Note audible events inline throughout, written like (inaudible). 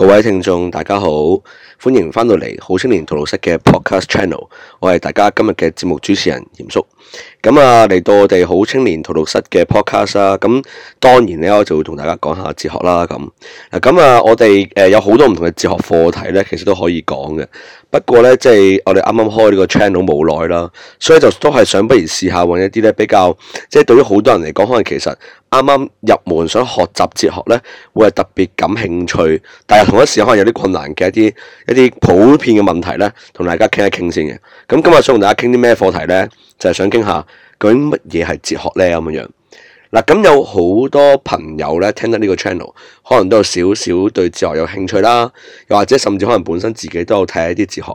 各位聽眾大家好，歡迎翻到嚟好青年荼毒室嘅 podcast channel，我係大家今日嘅節目主持人鹽叔。咁啊嚟到我哋好青年荼毒室嘅 podcast 啊，咁當然咧我就會同大家講下哲學啦。咁啊咁啊我哋誒、呃、有好多唔同嘅哲學課題咧，其實都可以講嘅。不過咧，即係我哋啱啱開呢個 channel 冇耐啦，所以就都係想，不如試下揾一啲咧比較，即係對於好多人嚟講，可能其實啱啱入門想學習哲學咧，會係特別感興趣，但係同一時間可能有啲困難嘅一啲一啲普遍嘅問題咧，同大家傾一傾先嘅。咁今日想同大家傾啲咩課題咧？就係想傾下究竟乜嘢係哲學咧咁嘅樣。嗱，咁有好多朋友咧，聽得呢個 channel，可能都有少少對哲學有興趣啦，又或者甚至可能本身自己都有睇一啲哲學。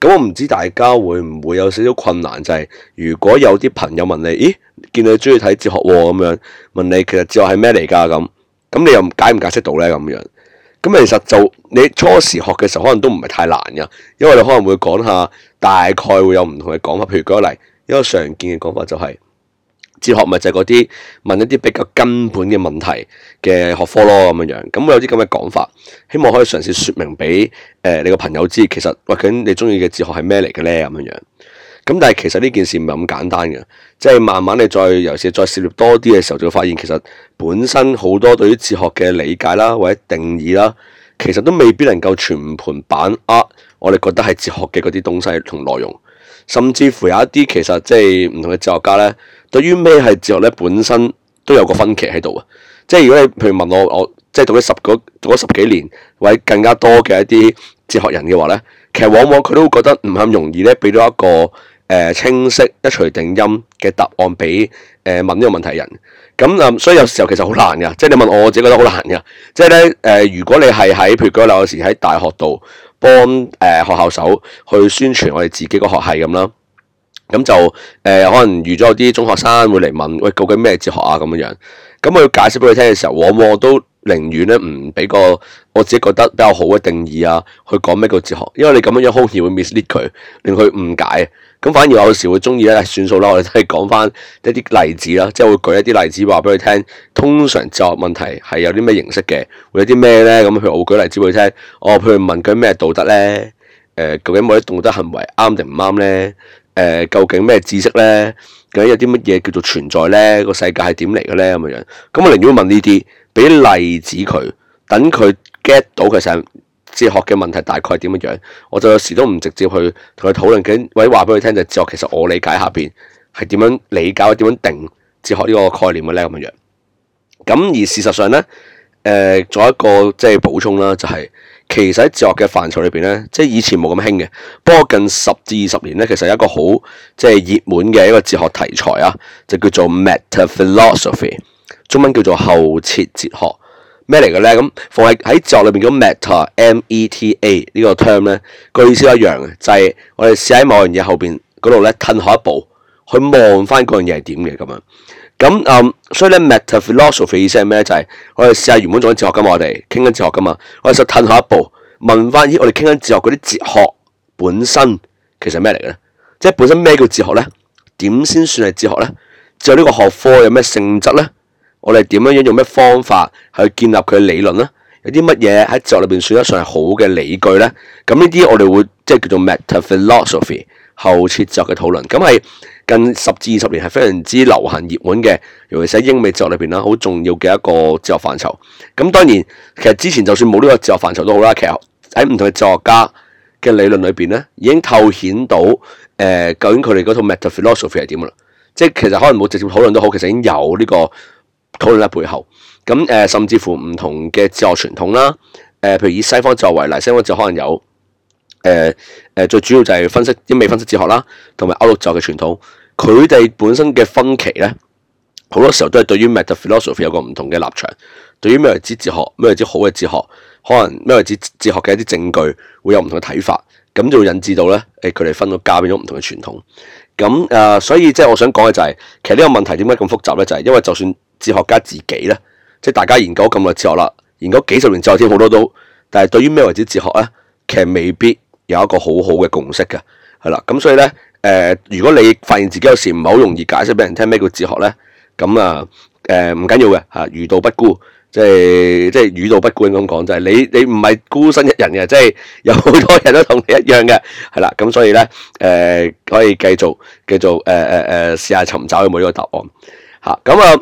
咁我唔知大家會唔會有少少困難，就係、是、如果有啲朋友問你，咦，見你中意睇哲學喎，咁樣問你，其實哲學係咩嚟噶？咁，咁你又解唔解釋到咧？咁樣，咁其實就你初時學嘅時候，可能都唔係太難噶，因為你可能會講下大概會有唔同嘅講法，譬如舉例一個常見嘅講法就係、是。哲學咪就係嗰啲問一啲比較根本嘅問題嘅學科咯，咁樣樣咁我有啲咁嘅講法，希望可以嘗試説明俾誒、呃、你個朋友知，其實或者你中意嘅哲學係咩嚟嘅咧，咁樣樣。咁但係其實呢件事唔係咁簡單嘅，即係慢慢你再尤其是再涉獵多啲嘅時候，就會發現其實本身好多對於哲學嘅理解啦，或者定義啦，其實都未必能夠全盤把握，我哋覺得係哲學嘅嗰啲東西同內容。甚至乎有一啲其實即係唔同嘅哲學家咧，對於咩係哲學咧本身都有個分歧喺度啊！即係如果你譬如問我，我即係讀咗十嗰，讀咗十幾年，或者更加多嘅一啲哲學人嘅話咧，其實往往佢都覺得唔係咁容易咧，俾到一個誒、呃、清晰一錘定音嘅答案俾誒、呃、問呢個問題人。咁啊，所以有時候其實好難㗎，即係你問我，我自己覺得好難㗎。即係咧誒，如果你係喺譬如有時喺大學度。幫誒、呃、學校手去宣傳我哋自己個學系咁啦，咁就誒、呃、可能預咗有啲中學生會嚟問，喂，究竟咩哲學啊咁樣樣，咁我要解釋俾佢聽嘅時候，往往我都寧願咧唔俾個我自己覺得比較好嘅定義啊，去講咩個哲學，因為你咁樣一開始會 mislead 佢，令佢誤解。咁反而我有時會中意咧，算數啦，我哋都係講翻一啲例子啦，即係會舉一啲例子話俾佢聽。通常哲學問題係有啲咩形式嘅？會有啲咩咧？咁佢我會舉例子俾佢聽。我譬如問佢咩道德咧？誒、呃，究竟某啲道德行為啱定唔啱咧？誒、呃，究竟咩知識咧？究竟有啲乜嘢叫做存在咧？個世界係點嚟嘅咧？咁嘅樣，咁我寧願問呢啲，俾例子佢，等佢 get 到佢先。哲學嘅問題大概點樣樣，我就有時都唔直接去同佢討論，或者話俾佢聽就係、哲學。其實我理解下邊係點樣理解，點樣定哲學呢個概念嘅咧咁嘅樣。咁而事實上咧，誒、呃，做一個即係補充啦、就係，就係其實喺哲學嘅範疇裏邊咧，即係以前冇咁興嘅，不過近十至二十年咧，其實有一個好即係熱門嘅一個哲學題材啊，就叫做 Metaphilosophy，中文叫做後設哲學。咩嚟嘅咧？咁放喺喺哲學裏邊嗰個 meta，meta 呢 M、E、T、A，個 term 咧，個意思一樣嘅，就係、是、我哋試喺某樣嘢後邊嗰度咧，褪下一步去望翻嗰樣嘢係點嘅咁樣。咁啊、嗯，所以咧 meta-philosophy 嘅意思係咩就係、是、我哋試下原本做緊哲學噶嘛，我哋傾緊哲學噶嘛，我哋就褪下一步問翻咦，我哋傾緊哲學嗰啲哲學本身其實咩嚟嘅咧？即係本身咩叫哲學咧？點先算係哲學咧？哲學呢個學科有咩性質咧？我哋點樣用咩方法去建立佢嘅理論呢？有啲乜嘢喺哲學裏邊算得上係好嘅理據呢？咁呢啲我哋會即係叫做 Meta-Philosophy 後設作嘅討論。咁係近十至二十年係非常之流行熱門嘅，尤其是喺英美作裏邊啦，好重要嘅一個哲學範疇。咁當然，其實之前就算冇呢個哲學範疇都好啦，其實喺唔同嘅哲學家嘅理論裏邊咧，已經透顯到誒、呃，究竟佢哋嗰套 Meta-Philosophy 係點噶啦？即係其實可能冇直接討論都好，其實已經有呢、這個。討論喺背後，咁誒、呃，甚至乎唔同嘅哲學傳統啦，誒、呃，譬如以西方哲學為例，西方哲學可能有，誒、呃、誒、呃，最主要就係分析英美分析哲學啦，同埋歐陸哲學嘅傳統，佢哋本身嘅分歧咧，好多時候都係對於 meta philosophy 有個唔同嘅立場，對於咩為之哲學，咩為之好嘅哲學，可能咩為之哲學嘅一啲證據會有唔同嘅睇法，咁就會引致到咧，誒、呃，佢哋分到架，嫁變咗唔同嘅傳統，咁誒、呃，所以即係我想講嘅就係、是，其實呢個問題點解咁複雜咧，就係、是、因為就算。哲學家自己咧，即係大家研究咁嘅哲學啦，研究幾十年之後先好多都。但係對於咩為之哲學咧，其實未必有一個好好嘅共識嘅係啦。咁所以咧，誒、呃，如果你發現自己有時唔係好容易解釋俾人聽咩叫哲學咧，咁啊，誒唔緊要嘅嚇，吾、啊、道不孤，即係即係吾道不孤咁講就係你你唔係孤身一人嘅，即係有好多人都同你一樣嘅係啦。咁、嗯、所以咧，誒、啊、可以繼續繼續誒誒誒試下尋找每一個答案嚇咁啊。啊啊。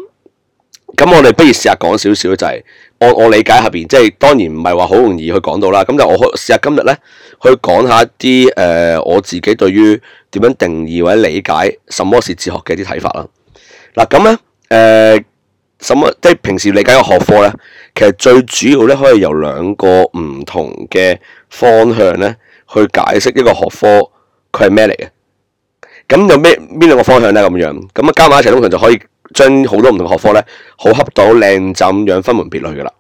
咁我哋不如試下講少少、就是，就係我我理解下邊，即係當然唔係話好容易去講到啦。咁就我試下今日咧，去講一下啲誒、呃、我自己對於點樣定義或者理解什麼是哲學嘅一啲睇法啦。嗱、啊，咁咧誒，什麼即係平時理解嘅學科咧，其實最主要咧可以由兩個唔同嘅方向咧去解釋一個學科佢係咩嚟嘅。咁有咩邊兩個方向咧？咁樣咁啊，加埋一齊通常就可以。將好多唔同學科咧，好恰到靚就咁樣分門別類嘅啦。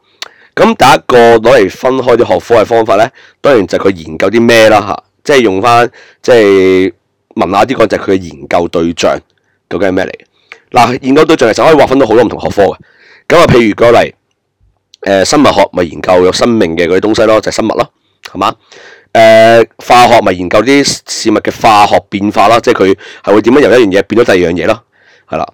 咁第一個攞嚟分開啲學科嘅方法咧，當然就係佢研究啲咩啦吓、啊，即係用翻即係問下啲，就係佢嘅研究對象究竟係咩嚟？嗱，研究對象其實可以劃分到好多唔同學科嘅。咁啊，譬如個例、呃、生物學咪研究有生命嘅嗰啲東西咯，就係、是、生物咯，係嘛？誒、呃、化學咪研究啲事物嘅化學變化咯，即係佢係會點樣由一樣嘢變咗第二樣嘢咯，係啦。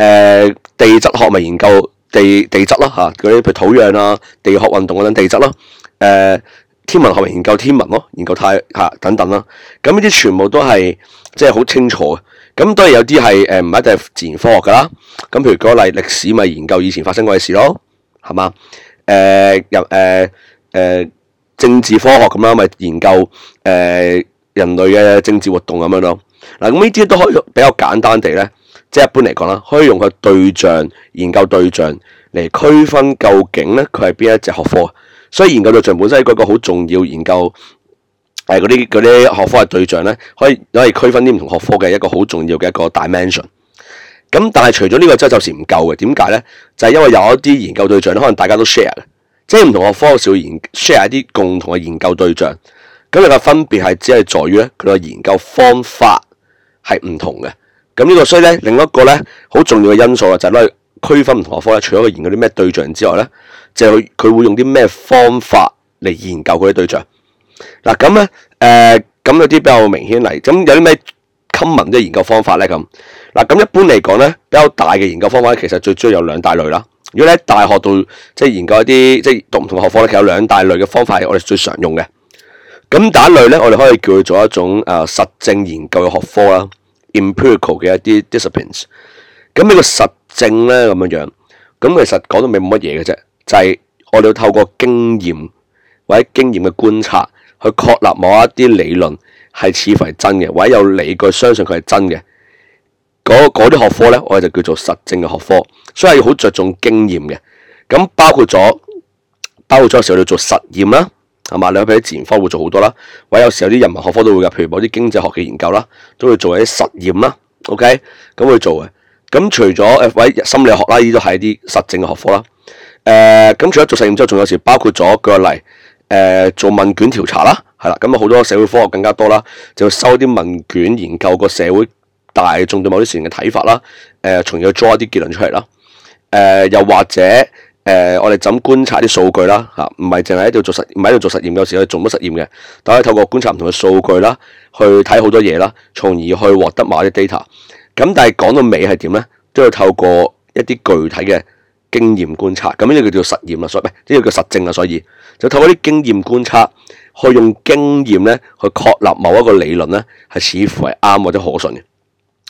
誒、呃、地質學咪研究地地質咯嚇，啲、啊、譬如土壤啊、地學運動嗰啲地質咯。誒、啊、天文學咪研究天文咯，研究太嚇、啊、等等咯。咁呢啲全部都係即係好清楚嘅。咁當然有啲係誒唔一定係自然科學㗎啦。咁譬如舉個例，歷史咪研究以前發生過嘅事咯，係嘛？誒入誒誒政治科學咁樣，咪研究誒、呃、人類嘅政治活動咁樣咯。嗱咁呢啲都可以比較簡單地咧。即係一般嚟講啦，可以用個對象研究對象嚟區分究竟咧佢係邊一隻學科。所以研究對象本身係一個好重要研究，係嗰啲嗰啲學科嘅對象咧，可以可以區分啲唔同學科嘅一個好重要嘅一個 dimension。咁但係除咗呢個真係暫時唔夠嘅，點解咧？就係因為有一啲研究對象咧，可能大家都 share 嘅，即係唔同學科少少 share 一啲共同嘅研究對象。咁你個分別係只係在於咧佢個研究方法係唔同嘅。咁呢個所以咧，另一個咧好重要嘅因素啊，就係攞嚟區分唔同學科咧。除咗佢研究啲咩對象之外咧，即係佢佢會用啲咩方法嚟研究嗰啲對象。嗱咁咧，誒、呃、咁有啲比較明顯嚟，咁有啲咩 common 即研究方法咧咁。嗱咁一般嚟講咧，比較大嘅研究方法其實最主要有兩大類啦。如果你喺大學度即係研究一啲即係讀唔同學科咧，其實有兩大類嘅方法係我哋最常用嘅。咁第一類咧，我哋可以叫佢做一種誒、呃、實證研究嘅學科啦。empirical 嘅一啲 disciplines，咁呢個實證咧咁樣樣，咁其實講到尾冇乜嘢嘅啫，就係我哋要透過經驗或者經驗嘅觀察去確立某一啲理論係似乎係真嘅，或者有理據相信佢係真嘅，嗰啲學科咧我哋就叫做實證嘅學科，所以係好着重經驗嘅，咁包括咗包括咗時候要做實驗啦。係嘛？你譬如自然科會做好多啦，或者有時有啲人文學科都會㗎，譬如某啲經濟學嘅研究啦，都會做一啲實驗啦。OK，咁去做嘅。咁除咗誒，位、呃、心理學啦，呢都係一啲實證嘅學科啦。誒、呃，咁除咗做實驗之後，仲有時包括咗個例，誒、呃，做問卷調查啦，係啦，咁啊好多社會科學更加多啦，就會收啲問卷研究個社會大眾對某啲事情嘅睇法啦。誒、呃，從而去 draw 啲結論出嚟啦。誒、呃，又或者。誒、呃，我哋怎觀察啲數據啦？嚇、啊，唔係淨係喺度做實，唔係喺度做實驗。有時我哋做乜實驗嘅，但係透過觀察唔同嘅數據啦，去睇好多嘢啦，從而去獲得某啲 data。咁但係講到尾係點咧，都要透過一啲具體嘅經驗觀察，咁呢個叫做實驗啦，所以唔呢個叫實證啦。所以就透過啲經驗觀察，去用經驗咧去確立某一個理論咧，係似乎係啱或者可信嘅。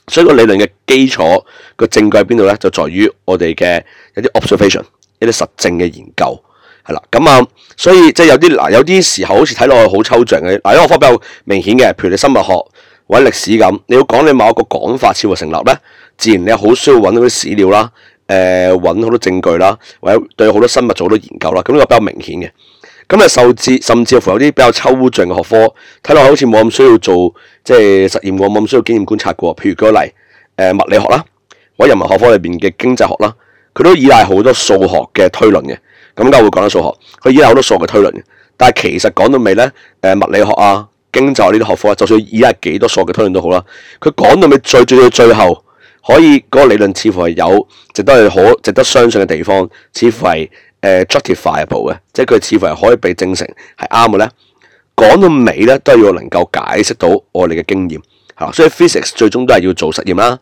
所以個理論嘅基礎、個證據喺邊度咧？就在於我哋嘅一啲 observation。一啲實證嘅研究，係啦，咁啊，所以即係、就是、有啲嗱，有啲時候好似睇落去好抽象嘅，嗱，一學科比較明顯嘅，譬如你生物學或者歷史咁，你要講你某一個講法似乎成立咧，自然你好需要揾到啲史料啦，誒、呃，揾好多證據啦，或者對好多生物做好多研究啦，咁呢、這個比較明顯嘅。咁啊，甚至甚至乎有啲比較抽象嘅學科，睇落去好似冇咁需要做即係實驗過，冇咁需要經驗觀察過，譬如舉例，誒、呃，物理學啦，或者人文學科裏邊嘅經濟學啦。佢都依賴好多數學嘅推論嘅，咁而家會講到數學，佢依賴好多數學嘅推論嘅。但係其實講到尾咧，誒，物理學啊、經濟呢啲學科啊，就算依賴幾多數學嘅推論都好啦，佢講到尾最，最最到最，最，最後，可以嗰、嗰個理論似乎係有值得係可值得相信嘅地方，似乎係誒 justifiable 嘅，即係佢似乎係可以被證成係啱嘅咧。講到尾咧，都係要能夠解釋到我哋嘅經驗。嗱，所以 physics 最終都係要做實驗啦，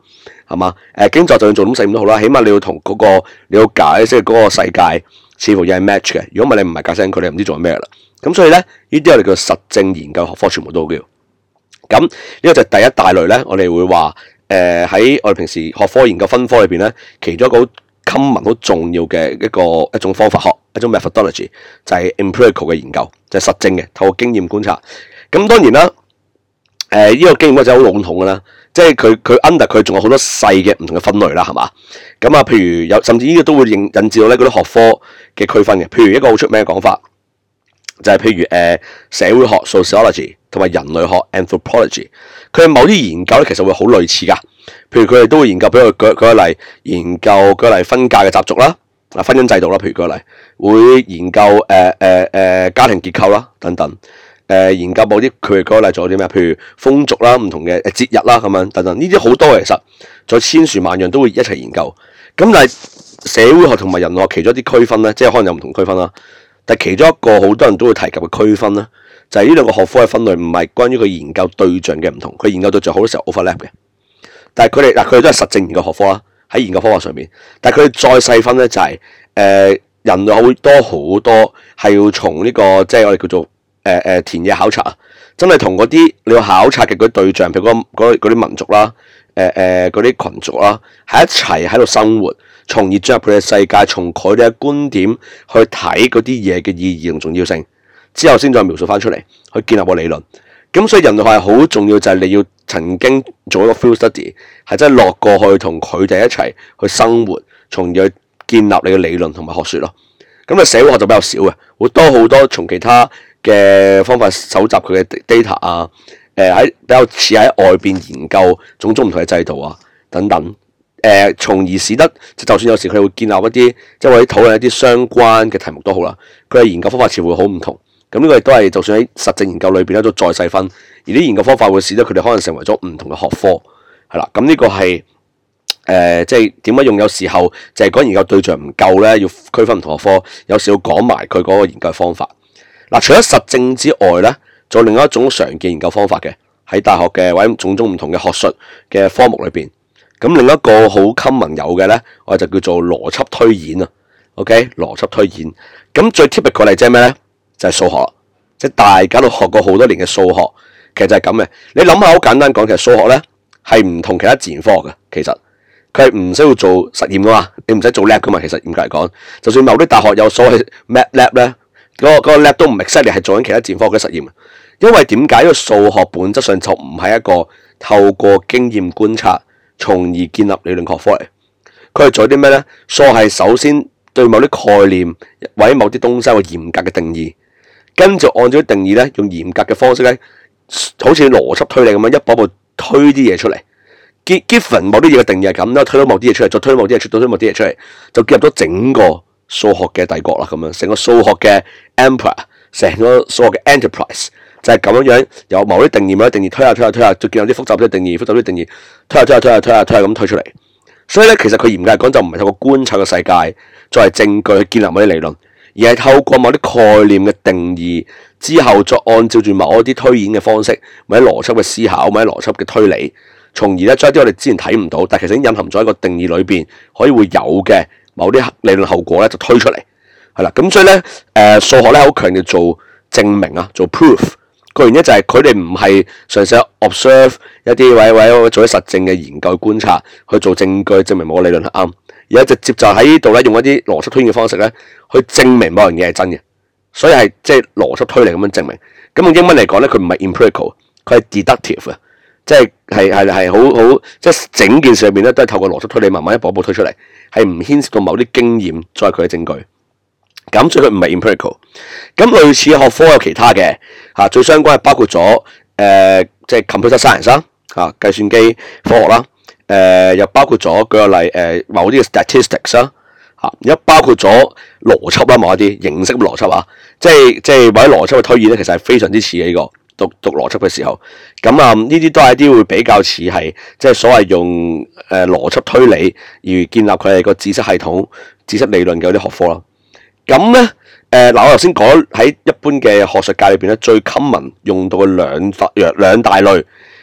係嘛？誒，經濟就算做咁實驗都好啦，起碼你要同嗰、那個你要解釋嗰個世界似乎又係 match 嘅。如果唔係你唔係解釋，佢哋唔知做咩啦。咁所以咧，呢啲我哋叫做實證研究學科，全部都好。咁呢、這個就係第一大類咧，我哋會話誒喺我哋平時學科研究分科裏邊咧，其中一個好 common、好重要嘅一個一種方法學一種 methodology，就係 empirical 嘅研究，就係、是、實證嘅，透過經驗觀察。咁當然啦。誒呢、呃呢個經驗就係好籠統啦，即係佢佢 under 佢仲有好多細嘅唔同嘅分類啦，係嘛？咁啊，譬如有甚至呢個都會引引致到咧嗰啲學科嘅區分嘅。譬如一個好出名嘅講法，就係、是、譬如誒、呃、社會學 sociology 同埋人類學 anthropology，佢某啲研究咧，其實會好類似噶。譬如佢哋都會研究，比如舉舉個例，研究舉個例分界嘅習俗啦，啊婚姻制度啦，譬如舉個例會研究誒誒誒家庭結構啦等等。誒、呃、研究部啲佢嘅舉例仲有啲咩？譬如風俗啦、唔同嘅誒節日啦、啊，咁樣等等呢啲好多其實仲有千樹萬樣都會一齊研究。咁但係社會學同埋人類學其中一啲區分咧，即係可能有唔同區分啦。但係其中一個好多人都會提及嘅區分咧，就係、是、呢兩個學科嘅分類唔係關於佢研究對象嘅唔同，佢研究對象好多時候 overlap 嘅。但係佢哋嗱，佢、呃、哋都係實證研究學科啦，喺研究方法上面。但係佢哋再細分咧，就係、是、誒、呃、人類好多好多係要從呢、這個即係我哋叫做。誒誒、呃，田野考察啊，真係同嗰啲你要考察嘅嗰啲對象，譬如嗰啲民族啦，誒誒嗰啲群族啦，喺一齊喺度生活，從而進入佢哋嘅世界，從佢哋嘅觀點去睇嗰啲嘢嘅意義同重要性，之後先再描述翻出嚟去建立個理論。咁所以人類學係好重要，就係你要曾經做一個 field study，係真係落過去同佢哋一齊去生活，從而去建立你嘅理論同埋學説咯。咁啊，社會學就比較少嘅，會多好多從其他。嘅方法搜集佢嘅 data 啊，誒、呃，喺比較似喺外邊研究種種唔同嘅制度啊等等，誒、呃，從而使得就算有時佢會建立一啲，即係或者討論一啲相關嘅題目都好啦，佢嘅研究方法似乎好唔同。咁呢個亦都係就算喺實證研究裏邊咧都再細分，而啲研究方法會使得佢哋可能成為咗唔同嘅學科，係啦。咁呢個係誒即係點樣用？有時候就係、是、講研究對象唔夠咧，要區分唔同學科，有時要講埋佢嗰個研究方法。嗱，除咗實證之外咧，仲有另外一種常見研究方法嘅，喺大學嘅或者種種唔同嘅學術嘅科目裏邊，咁另一個好 common 有嘅咧，我就叫做邏輯推演啊。OK，邏輯推演，咁、okay? 最 tip 嘅舉例即係咩咧？就係、是、數學，即係大家都學過好多年嘅數學，其實就係咁嘅。你諗下，好簡單講，其實數學咧係唔同其他自然科學嘅，其實佢係唔需要做實驗噶嘛，你唔使做 lab 噶嘛，其實嚴格嚟講，就算某啲大學有所謂 MATLAB 咧。個叻 lab 都唔係犀利，係做緊其他戰科嘅啲實驗。因為點解呢個數學本質上就唔係一個透過經驗觀察從而建立理論學科嚟？佢係做啲咩呢？數學係首先對某啲概念為某啲東西有嚴格嘅定義，跟住按照啲定義咧，用嚴格嘅方式咧，好似邏輯推理咁樣一步一步推啲嘢出嚟。Given 某啲嘢嘅定義係咁，再推到某啲嘢出嚟，再推多某啲嘢出到推某啲嘢出嚟，就結合咗整個。數學嘅帝國啦，咁樣成個數學嘅 empire，成個數學嘅 enterprise 就係咁樣樣，有某啲定義，某啲定義推下推下推下，就見有啲複雜啲嘅定義，複雜啲定義推下推下推下推下推下咁推出嚟。所以咧，其實佢嚴格嚟講就唔係透過觀察嘅世界作為證據去建立某啲理論，而係透過某啲概念嘅定義之後，再按照住某啲推演嘅方式，某啲邏輯嘅思考，某啲邏輯嘅推理，從而咧將一啲我哋之前睇唔到，但其實已經隱含咗一個定義裏邊可以會有嘅。某啲理論後果咧就推出嚟係啦，咁所以咧誒、呃、數學咧好強調做證明啊，做 proof 個原因就係佢哋唔係嘗試 observe 一啲或者做啲實證嘅研究觀察去做證據證明某個理論係啱，而家直接就喺呢度咧用一啲邏輯推理嘅方式咧去證明某樣嘢係真嘅，所以係即係邏輯推理咁樣證明。咁用英文嚟講咧，佢唔係 empirical，佢係 deductive 啊、就是，即係係係係好好即係整件事入面咧都係透過邏輯推理，慢慢一步一步推出嚟。係唔牽涉到某啲經驗作為佢嘅證據，咁所以佢唔係 empirical。咁類似學科有其他嘅嚇、啊，最相關係包括咗誒，即、呃、係、就是、computer science 啦、啊、嚇，計算機科學啦誒、啊，又包括咗舉個例誒、呃，某啲嘅 statistics 啦、啊、嚇，又包括咗邏輯啦，某一啲形式邏輯啊，即係即係啲邏輯嘅推演咧，其實係非常之似嘅呢、這個。讀讀邏輯嘅時候，咁啊呢啲都係一啲會比較似係即係所謂用誒、呃、邏輯推理而建立佢哋個知識系統、知識理論嘅啲學科啦。咁咧誒嗱，我頭先講喺一般嘅學術界裏邊咧，最 common 用到嘅兩大約兩大類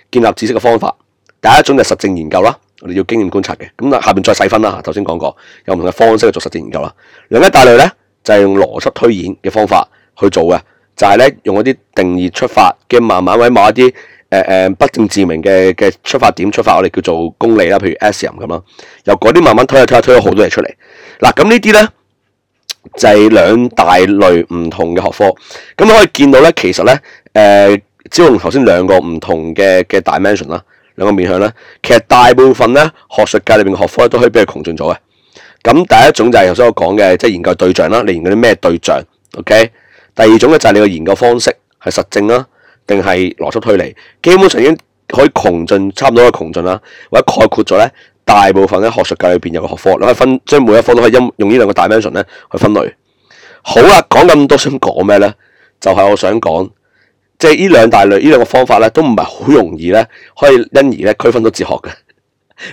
建立知識嘅方法，第一種就係實證研究啦，我哋要經驗觀察嘅。咁下面再細分啦嚇，頭先講過有唔同嘅方式去做實證研究啦。另一大類咧就係、是、用邏輯推演嘅方法去做嘅。就係咧用嗰啲定義出發，嘅慢慢搵某一啲誒誒不證自明嘅嘅出發點出發，我哋叫做公理啦，譬如 axiom 咁啦，由嗰啲慢慢推下推下推咗好多嘢出嚟。嗱、啊、咁呢啲咧就係、是、兩大類唔同嘅學科。咁你可以見到咧，其實咧誒、呃、只用頭先兩個唔同嘅嘅 dimension 啦，兩個面向啦。其實大部分咧學術界裏邊嘅學科咧都可以俾佢窮盡咗嘅。咁第一種就係頭先我講嘅，即、就、係、是、研究對象啦，你研究啲咩對象，OK？第二種咧就係你個研究方式係實證啦，定係邏輯推理，基本上已經可以窮盡差唔多可以窮盡啦，或者概括咗咧大部分咧學術界裏邊有個學科，你可以分將每一科都可以用呢兩個 dimension 咧去分類。好啦，講咁多想講咩咧？就係、是、我想講，即係呢兩大類呢兩個方法咧，都唔係好容易咧，可以因而咧區分到哲學嘅。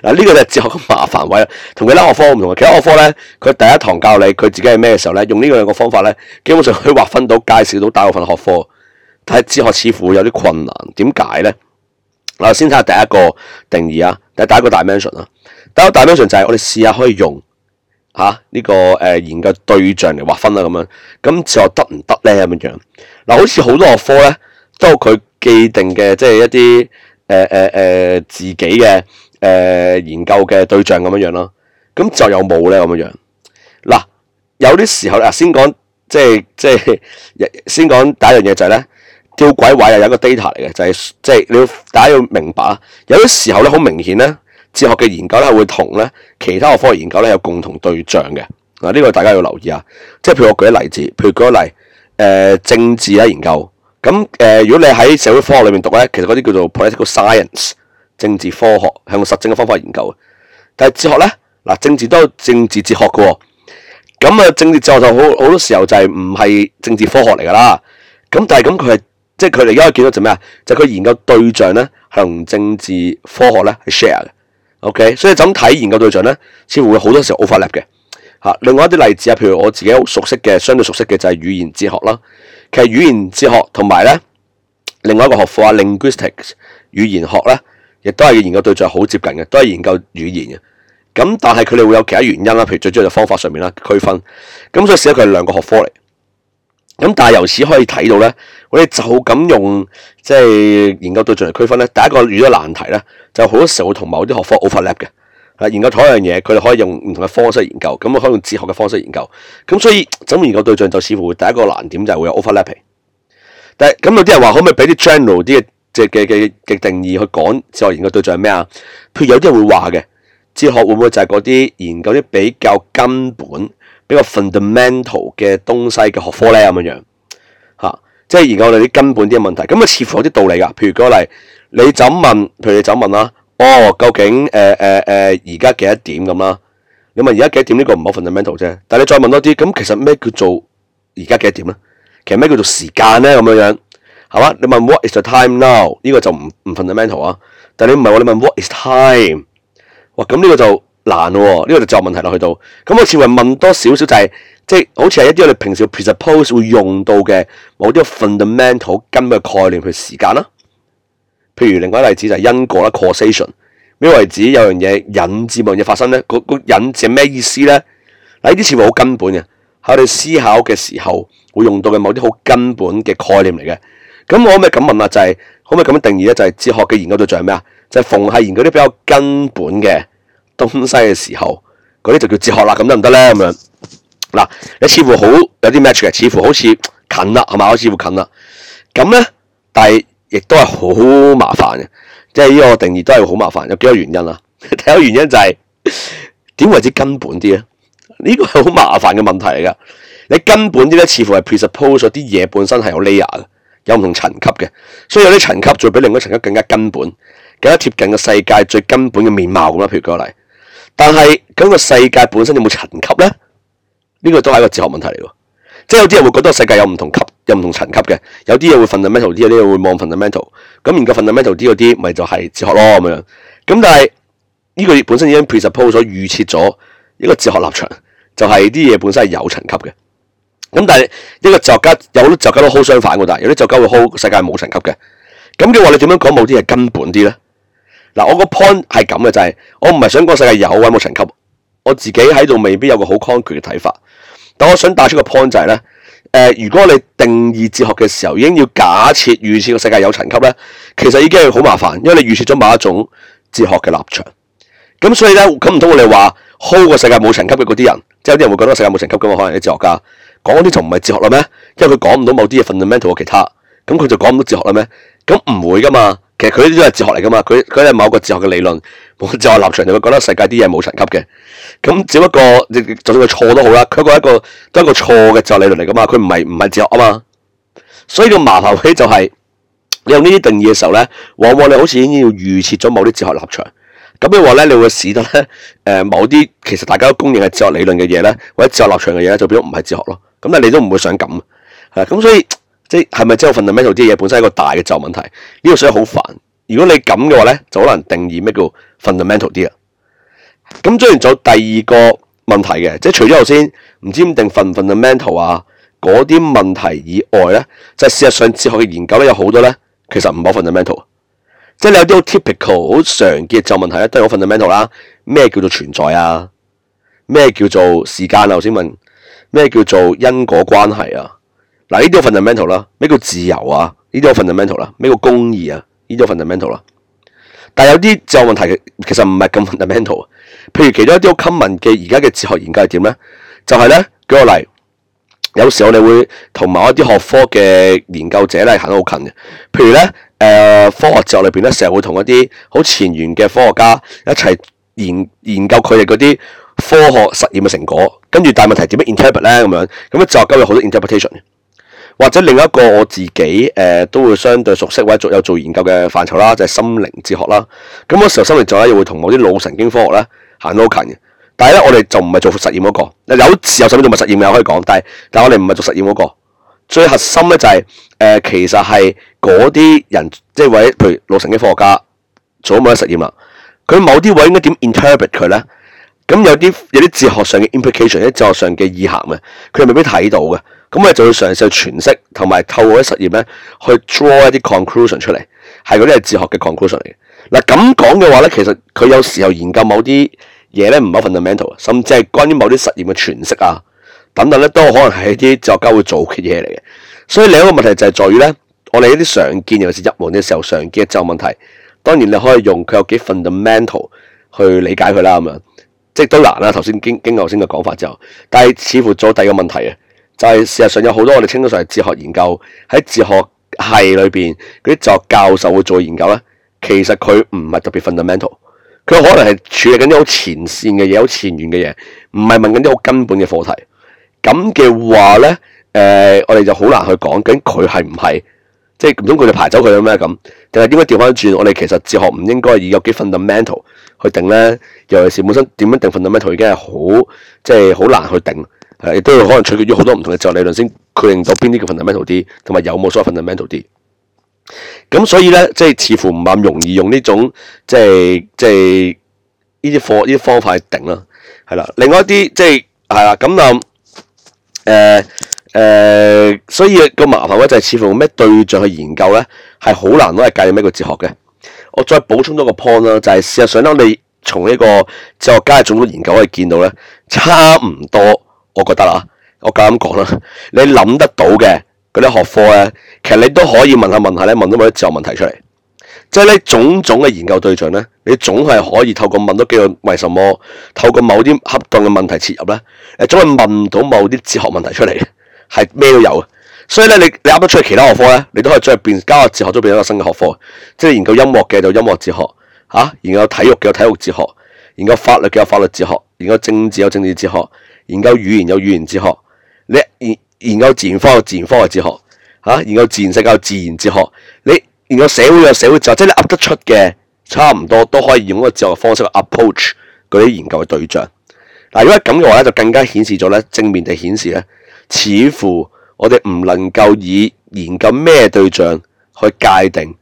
嗱，呢個就係哲學嘅麻煩位啦，同其他學科唔同，其他學科咧，佢第一堂教你佢自己係咩嘅時候咧，用呢個兩個方法咧，基本上可以劃分到、介紹到大部分學科。但係哲學似乎有啲困難，點解咧？嗱，先睇下第一個定義啊，第第一個 dimension 啊。第一個 dimension 就係我哋試下可以用吓呢、啊這個誒、呃、研究對象嚟劃分啦，咁樣咁哲、嗯、學得唔得咧？咁樣樣嗱，好似好多學科咧，都佢既定嘅，即係一啲誒誒誒自己嘅。誒、呃，研究嘅對象咁樣樣咯，咁就有冇咧咁樣樣。嗱，有啲時候啊，先講即係即係，先講第一樣嘢就係、是、咧，弔詭位係有一個 data 嚟嘅，就係、是、即係你大,大家要明白啊。有啲時候咧，好明顯咧，哲學嘅研究咧係會同咧其他嘅科學研究咧有共同對象嘅。嗱，呢、這個大家要留意啊。即係譬如我舉啲例子，譬如舉個例，誒、呃，政治咧研究，咁誒、呃，如果你喺社會科學裏面讀咧，其實嗰啲叫做 political science。政治科學係用實證嘅方法研究嘅，但係哲學咧嗱，政治都有政治哲學噶，咁啊，政治哲學就好好多時候就係唔係政治科學嚟噶啦。咁但係咁佢係即係佢哋而家見到就咩啊？就佢、是就是、研究對象咧，係同政治科學咧係 share 嘅。OK，所以咁睇研究對象咧，似乎會好多時候 overlap 嘅吓。另外一啲例子啊，譬如我自己好熟悉嘅，相對熟悉嘅就係語言哲學啦。其實語言哲學同埋咧另外一個學科啊，linguistics 語言學啦。亦都係研究對象好接近嘅，都係研究語言嘅。咁但係佢哋會有其他原因啦，譬如最主要就方法上面啦區分。咁所以寫佢係兩個學科嚟。咁但係由此可以睇到咧，我哋就咁用即係研究對象嚟區分咧。第一個遇到難題咧，就好多時候會同某啲學科 overlap 嘅。啊，研究同一樣嘢，佢哋可以用唔同嘅方式研究，咁可以用哲學嘅方式研究。咁所以整個研究對象就似乎第一個難點就係會有 overlap 嘅。但係咁有啲人話可唔可以俾啲 general 啲？嘅嘅嘅嘅定義去講哲學研究對象係咩啊？譬如有啲人會話嘅，哲學會唔會就係嗰啲研究啲比較根本、比較 fundamental 嘅東西嘅學科咧咁樣樣？嚇、啊，即係研究我哋啲根本啲嘅問題。咁啊，似乎有啲道理㗎。譬如舉例，你怎問？譬如你怎問啦？哦，究竟誒誒誒，而、呃、家、呃呃、幾多點咁啦？你問而家幾多點呢點個唔好 fundamental 啫。但你再問多啲，咁其實咩叫做而家幾多點咧？其實咩叫做時間咧？咁樣樣。係嘛？你問 what is the time now？呢、這個就唔唔 fundamental 啊。但係你唔係話你問 what is time？哇，咁呢個就難喎、啊。呢、這個就就有問題啦，去到咁我視為問多少少就係、是、即係好似係一啲我哋平時 presuppose 會用到嘅某啲 fundamental 根本嘅概念去，譬如時間啦。譬如另外一個例子就係因果啦，causation。咩為止有樣嘢引致某樣嘢發生咧？嗰引致係咩意思咧？嗱，呢啲視為好根本嘅喺我哋思考嘅時候會用到嘅某啲好根本嘅概念嚟嘅。咁我可唔可以咁問啊？就係、是、可唔可以咁樣定義咧？就係、是、哲學嘅研究對象係咩啊？就係、是、逢係研究啲比較根本嘅東西嘅時候，嗰啲就叫哲學啦。咁得唔得咧？咁樣，嗱，你似乎好有啲 match 嘅，似乎好似近啦，係嘛？好似乎近啦。咁咧，但係亦都係好麻煩嘅，即係呢個定義都係好麻煩。有幾個原因啊，第一個原因就係、是、點為之根本啲咧？呢、這個係好麻煩嘅問題嚟噶。你根本啲咧，似乎係 presuppose 咗啲嘢本身係有 layer 嘅。有唔同層級嘅，所以有啲層級就比另一個層級更加根本，更加貼近個世界最根本嘅面貌咁啊！譬如過嚟，但係咁個世界本身有冇層級咧？呢個都係一個哲學問題嚟喎。即係有啲人會覺得世界有唔同級，有唔同層級嘅，有啲嘢會 fundamental 啲，啲嘢呢會望 fundamental。咁然後 fundamental 嗰啲，咪就係哲學咯咁樣。咁但係呢個本身已經 presuppose 預設咗一個哲學立場，就係啲嘢本身係有層級嘅。咁但係一個哲學家有啲哲學家都好相反㗎，但係有啲哲學家會 hold 世界冇層級嘅。咁佢話你點樣講冇啲係根本啲咧？嗱，我個 point 係咁嘅就係、是、我唔係想講世界有啊冇層級，我自己喺度未必有個好 concrete 嘅睇法。但我想帶出個 point 就係、是、咧，誒、呃，如果你定義哲學嘅時候已經要假設預設個世界有層級咧，其實已經係好麻煩，因為你預設咗某一種哲學嘅立場。咁所以咧，咁唔通我哋話 hold 個世界冇層級嘅嗰啲人，即係有啲人會覺得世界冇層級嘅嘛？可能啲哲學家。講嗰啲就唔係哲學啦咩？因為佢講唔到某啲嘢 fundamental 過其他，咁佢就講唔到哲學啦咩？咁唔會噶嘛？其實佢呢啲都係哲學嚟噶嘛？佢佢係某個哲學嘅理論，某個哲學立場，就會覺得世界啲嘢冇層級嘅。咁只不過，就算佢錯都好啦，佢一個一個都係一個錯嘅哲學理論嚟噶嘛？佢唔係唔係哲學啊嘛？所以個麻煩氣就係，你用呢啲定義嘅時候咧，往往你好似已經要預設咗某啲哲學立場。咁你話咧，你會使得咧，誒、呃、某啲其實大家都公認係哲學理論嘅嘢咧，或者哲學立場嘅嘢咧，就變咗唔係哲學咯。咁但係你都唔會想咁，係、啊、咁、嗯、所以即係咪真係 fundamental 啲嘢本身係一個大嘅就問題？呢個所以好煩。如果你咁嘅話咧，就好難定義咩叫 fundamental 啲啊。咁再嚟做第二個問題嘅，即係除咗頭先唔知點定 fundamental 啊嗰啲問題以外咧，即、就、係、是、事實上哲學嘅研究咧有好多咧，其實唔係 fundamental。即係你有啲好 typical 好常見嘅就問題啊，都係好 fundamental 啦。咩叫做存在啊？咩叫做時間啊？頭先問咩叫做因果關係啊？嗱，呢啲我 fundamental 啦、啊。咩叫自由啊？呢啲我 fundamental 啦、啊。咩叫公義啊？呢啲我 fundamental 啦、啊。但係有啲就有問題其實唔係咁 fundamental。譬如其中一啲好 common 嘅而家嘅哲學研究係點咧？就係、是、咧舉個例，有時候你會同某一啲學科嘅研究者咧行得好近嘅，譬如咧。誒科學哲學裏邊咧，成日會同一啲好前沿嘅科學家一齊研研究佢哋嗰啲科學實驗嘅成果，跟住但係問題點樣 interpret 咧？咁樣咁啊，哲學家有好多 interpretation。或者另一個我自己誒、呃、都會相對熟悉或者做有做研究嘅範疇啦，就係、是、心靈哲學啦。咁嗰時候心靈哲學又會同啲腦神經科學咧行得好近嘅。但係咧，我哋就唔係做實驗嗰、那個。有時候甚至做實驗嘅可以講，但係但係我哋唔係做實驗嗰、那個。最核心咧就係、是、誒、呃，其實係嗰啲人，即係或譬如，譬如六成嘅科學家做咗某啲實驗啦，佢某啲位應該點 interpret 佢咧？咁有啲有啲哲學上嘅 implication，哲學上嘅意涵嘛，佢未必睇到嘅，咁咪就要嘗試去詮釋同埋透過啲實驗咧去 draw 一啲 conclusion 出嚟，係嗰啲係哲學嘅 conclusion 嚟嘅。嗱咁講嘅話咧，其實佢有時候研究某啲嘢咧唔係 fundamental，甚至係關於某啲實驗嘅詮釋啊。等等咧，都可能係一啲作家會做嘅嘢嚟嘅。所以另一個問題就係在於咧，我哋一啲常見，尤其是入門嘅時候，常見嘅就問題。當然你可以用佢有幾 fundamental 去理解佢啦，咁、嗯、樣即係都難啦、啊。頭先經經我頭先嘅講法之後，但係似乎咗第二個問題啊，就係、是、事實上有好多我哋稱得上係哲學研究喺哲學系裏邊嗰啲哲學教授會做研究咧，其實佢唔係特別 fundamental，佢可能係處理緊啲好前線嘅嘢，好前緣嘅嘢，唔係問緊啲好根本嘅課題。咁嘅話咧，誒、呃，我哋就好難去講究竟佢係唔係，即係唔通佢哋排走佢啦咩咁？定係點解調翻轉，我哋其實哲學唔應該以有幾 fundamental 去定咧。尤其是本身點樣定 fundamental 已經係好，即係好難去定誒，亦都可能取決於好多唔同嘅哲學理論先，確認到邊啲叫 fundamental 啲，同埋有冇所謂 fundamental 啲。咁所以咧，即係似乎唔係咁容易用呢種即係即係呢啲課、呢啲方法去定啦、啊，係啦。另外一啲即係係啦，咁諗。嗯誒誒，uh, uh, 所以個麻煩嘅就係、是，似乎咩對象去研究咧，係好難攞嚟界定一個哲學嘅。我再補充多個 point 啦，就係事實上咧，當你從呢個哲學家嘅種種研究可以見到咧，差唔多，我覺得啊，我咁講啦，你諗得到嘅嗰啲學科咧，其實你都可以問下問下咧，問到冇啲哲學問題出嚟。即係呢種種嘅研究對象呢，你總係可以透過問到幾個為什麼，透過某啲恰當嘅問題切入呢。你總係問到某啲哲學問題出嚟，係咩都有嘅。所以咧，你你啱得出其他學科呢，你都可以將入邊加個哲學，都變成一個新嘅學科。即係研究音樂嘅就音樂哲學，吓、啊，研究體育嘅有體育哲學，研究法律嘅有法律哲學，研究政治有政治哲學，研究語言有語言哲學，你研研究自然科學自然科學哲學，吓、啊，研究自然世界有、啊、自然哲學，你、有社會有社會就即係你噏得出嘅，差唔多都可以用嗰個哲學方式去 approach 嗰啲研究嘅對象。嗱，如果咁嘅話咧，就更加顯示咗咧，正面地顯示咧，似乎我哋唔能夠以研究咩對象去界定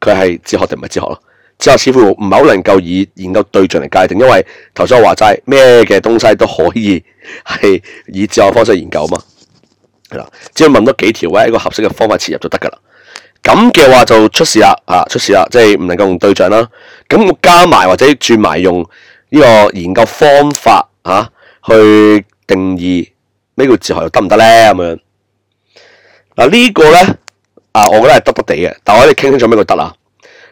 佢係哲學定唔係哲學咯。哲學似乎唔係好能夠以研究對象嚟界定，因為頭先我話齋咩嘅東西都可以係以哲學方式去研究啊嘛。係啦，只要問多幾條咧，一個合適嘅方法切入就得㗎啦。咁嘅話就出事啦，吓、啊、出事啦，即係唔能夠用對象啦。咁我加埋或者轉埋用呢個研究方法吓、啊、去定義咩叫哲學又得唔得咧？咁樣嗱、這個、呢個咧啊，我覺得係得得地嘅。但係我哋傾清楚咩叫得啊？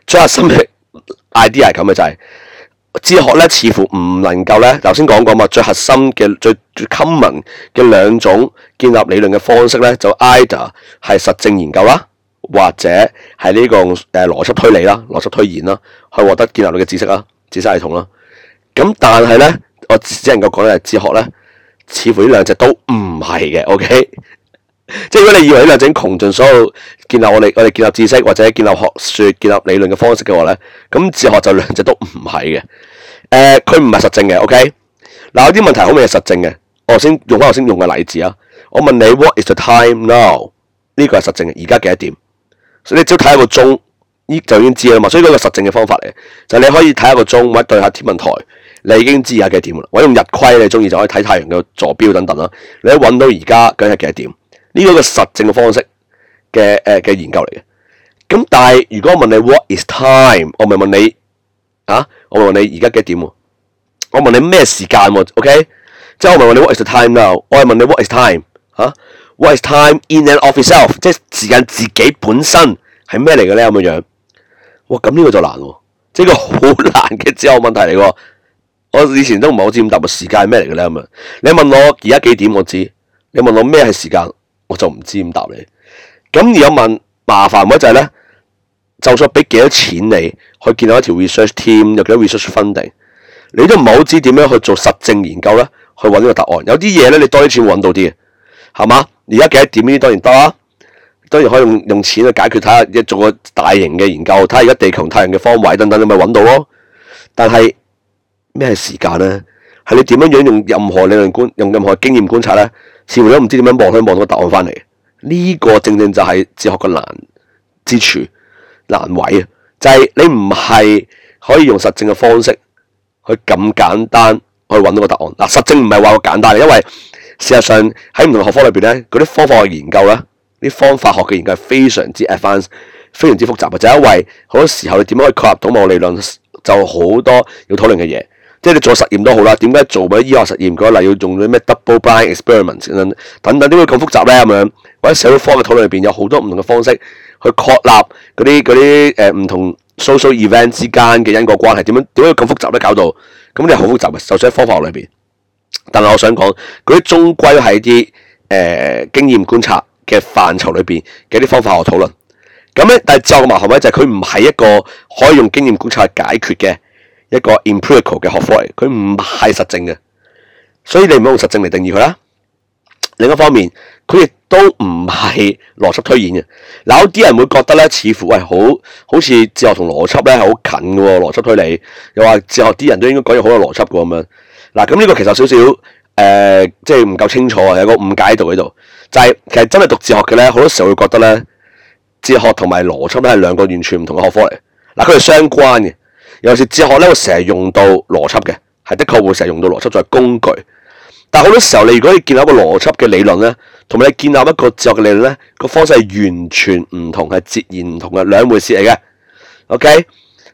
最核心嘅 idea 係咁嘅就係哲學咧，似乎唔能夠咧。頭先講過嘛，最核心嘅最 common 嘅兩種建立理論嘅方式咧，就 either 係實證研究啦。或者係呢、這個誒、呃、邏輯推理啦、邏輯推演啦，去獲得建立你嘅知識啦、知識系統啦。咁但係咧，我只能夠講係哲學咧，似乎呢兩隻都唔係嘅。OK， (laughs) 即係如果你以為呢兩隻窮盡所有建立我哋我哋建立知識或者建立學説、建立理論嘅方式嘅話咧，咁哲學就兩隻都唔係嘅。誒、呃，佢唔係實證嘅。OK，嗱、呃、有啲問題好明顯係實證嘅。我頭先用翻頭先用嘅例子啊，我問你 What is the time now？呢個係實證嘅，而家幾多點？所以你只要睇下個鐘，依就已經知啦嘛。所以呢個實證嘅方法嚟，就係你可以睇下個鐘或者對下天文台，你已經知下幾點啦。或者用日規，你中意就可以睇太陽嘅坐標等等啦。你喺搵到而家究竟係幾多點？呢個一個實證嘅方式嘅誒嘅研究嚟嘅。咁但係如果我問你 What is time？我咪係問你啊，我唔係問你而家幾多點？我問你咩時間？OK，即係我咪係問你 What is the time now？我係問你 What is time？吓、啊？What is time in and of itself？即係時間自己本身係咩嚟嘅咧？咁嘅樣，哇！咁呢個就難，即係呢個好難嘅哲學問題嚟嘅。我以前都唔係好知點答，時間係咩嚟嘅咧？咁啊，你問我而家幾點，我知；你問我咩係時間，我就唔知點答你。咁而有問麻煩唔就係咧，就算俾幾多錢你去見到一條 research team，有幾多 research funding，你都唔係好知點樣去做實證研究咧，去搵呢個答案。有啲嘢咧，你多啲錢會搵到啲嘅。係嘛？而家幾多點呢？當然多啊，當然可以用用錢去解決。睇下你做個大型嘅研究，睇下而家地球太陽嘅方位等等，你咪揾到咯。但係咩時間咧？係你點樣樣用任何理論觀，用任何經驗觀察咧？似乎都唔知點樣望可以望到個答案翻嚟。呢個正正就係哲學嘅難之處、難為啊！就係、是、你唔係可以用實證嘅方式去咁簡單去揾到個答案。嗱，實證唔係話個簡單嘅，因為事實上喺唔同學科裏邊咧，嗰啲科學嘅研究啦，啲方法學嘅研究係非常之 advanced，非常之複雜嘅，就係因為好多時候你點樣去確立到某理論，就好多要討論嘅嘢。即係你做實驗都好啦，點解做嗰啲醫學實驗嗰啲，例要用咗咩 double blind experiments 等等，點解咁複雜咧？咁樣或者社會科學嘅討論裏邊有好多唔同嘅方式去確立嗰啲啲誒唔同 social event 之間嘅因果關係，點樣點解咁複雜咧？搞到咁你好複雜嘅，就算喺科學裏邊。但係我想講，佢啲終歸係啲誒經驗觀察嘅範疇裏邊嘅啲方法學討論。咁咧，但係哲學嘅麻煩位就係佢唔係一個可以用經驗觀察解決嘅一個 empirical 嘅學科嚟，佢唔係實證嘅。所以你唔好用實證嚟定義佢啦。另一方面，佢亦都唔係邏輯推演嘅。有啲人會覺得咧，似乎喂好好似哲學同邏輯咧係好近嘅喎，邏輯推理又話哲學啲人都應該講嘢好有邏輯嘅咁樣。嗱，咁呢個其實有少少，誒、呃，即係唔夠清楚啊，有個誤解喺度喺度，就係、是、其實真係讀哲學嘅咧，好多時候會覺得咧，哲學同埋邏輯咧係兩個完全唔同嘅學科嚟，嗱，佢係相關嘅，尤其哲學咧會成日用到邏輯嘅，係的確會成日用到邏輯作為工具，但係好多時候你如果要建立一個邏輯嘅理論咧，同埋你建立一個哲學嘅理論咧，個方式係完全唔同，係截然唔同嘅兩回事嚟嘅，OK。